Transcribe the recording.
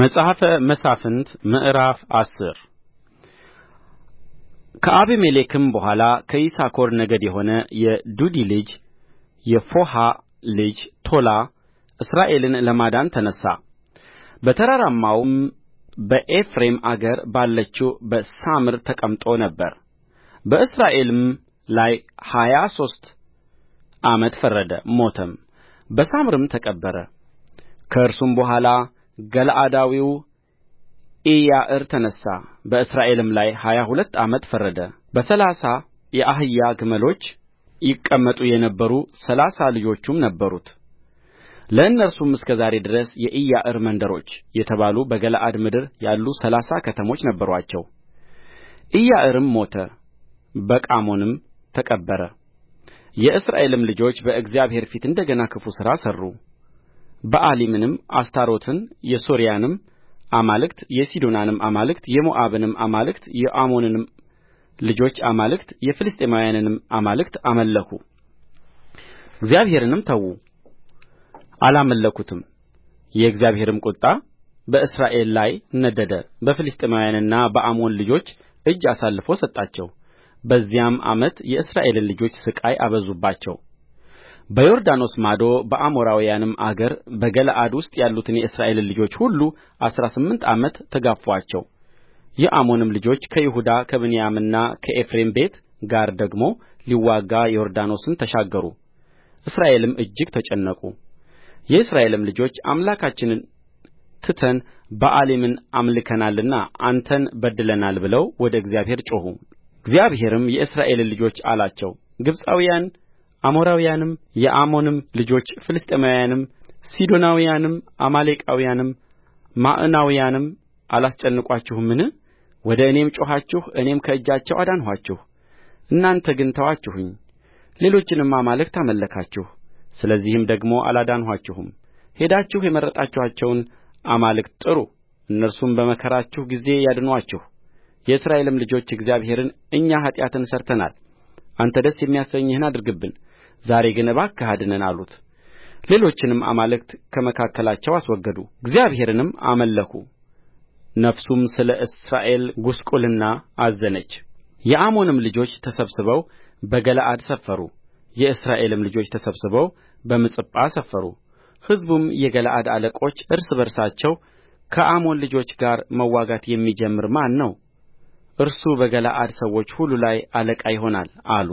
መጽሐፈ መሣፍንት ምዕራፍ አስር ከአቤሜሌክም በኋላ ከይሳኮር ነገድ የሆነ የዱዲ ልጅ የፎሖ ልጅ ቶላ እስራኤልን ለማዳን ተነሣ። በተራራማውም በኤፍሬም አገር ባለችው በሳምር ተቀምጦ ነበር። በእስራኤልም ላይ ሀያ ሦስት ዓመት ፈረደ፣ ሞተም፣ በሳምርም ተቀበረ። ከእርሱም በኋላ ገለዓዳዊው ኢያዕር ተነሣ በእስራኤልም ላይ ሀያ ሁለት ዓመት ፈረደ በሠላሳ የአህያ ግመሎች ይቀመጡ የነበሩ ሠላሳ ልጆቹም ነበሩት ለእነርሱም እስከ ዛሬ ድረስ የኢያዕር መንደሮች የተባሉ በገለዓድ ምድር ያሉ ሠላሳ ከተሞች ነበሩአቸው ኢያዕርም ሞተ በቃሞንም ተቀበረ የእስራኤልም ልጆች በእግዚአብሔር ፊት እንደ ገና ክፉ ሥራ ሠሩ በኣሊምንም አስታሮትን የሶርያንም አማልክት የሲዶናንም አማልክት የሞዓብንም አማልክት የአሞንንም ልጆች አማልክት የፍልስጥኤማውያንንም አማልክት አመለኩ እግዚአብሔርንም ተዉ አላመለኩትም የእግዚአብሔርም ቍጣ በእስራኤል ላይ ነደደ በፍልስጥኤማውያንና በአሞን ልጆች እጅ አሳልፎ ሰጣቸው በዚያም ዓመት የእስራኤልን ልጆች ሥቃይ አበዙባቸው በዮርዳኖስ ማዶ በአሞራውያንም አገር በገለዓድ ውስጥ ያሉትን የእስራኤልን ልጆች ሁሉ አሥራ ስምንት ዓመት ተጋፉአቸው የአሞንም ልጆች ከይሁዳ ከብንያምና ከኤፍሬም ቤት ጋር ደግሞ ሊዋጋ ዮርዳኖስን ተሻገሩ እስራኤልም እጅግ ተጨነቁ የእስራኤልም ልጆች አምላካችንን ትተን በኣሊምን አምልከናልና አንተን በድለናል ብለው ወደ እግዚአብሔር ጮኹ እግዚአብሔርም የእስራኤልን ልጆች አላቸው ግብፃውያን አሞራውያንም የአሞንም ልጆች ፍልስጥኤማውያንም ሲዶናውያንም አማሌቃውያንም ማዖናውያንም አላስጨነቋችሁምን ወደ እኔም ጮኻችሁ እኔም ከእጃቸው አዳንኋችሁ እናንተ ግን ተዋችሁኝ ሌሎችንም አማልክት አመለካችሁ ስለዚህም ደግሞ አላዳንኋችሁም ሄዳችሁ የመረጣችኋቸውን አማልክት ጥሩ እነርሱም በመከራችሁ ጊዜ ያድኑአችሁ የእስራኤልም ልጆች እግዚአብሔርን እኛ ኃጢአትን ሠርተናል አንተ ደስ የሚያሰኝህን አድርግብን ዛሬ ግን እባክህ አድነን አሉት ሌሎችንም አማልክት ከመካከላቸው አስወገዱ እግዚአብሔርንም አመለኩ ነፍሱም ስለ እስራኤል ጕስቍልና አዘነች የአሞንም ልጆች ተሰብስበው በገለዓድ ሰፈሩ የእስራኤልም ልጆች ተሰብስበው በምጽጳ ሰፈሩ ሕዝቡም የገለዓድ አለቆች እርስ በርሳቸው ከአሞን ልጆች ጋር መዋጋት የሚጀምር ማን ነው? እርሱ በገለዓድ ሰዎች ሁሉ ላይ አለቃ ይሆናል አሉ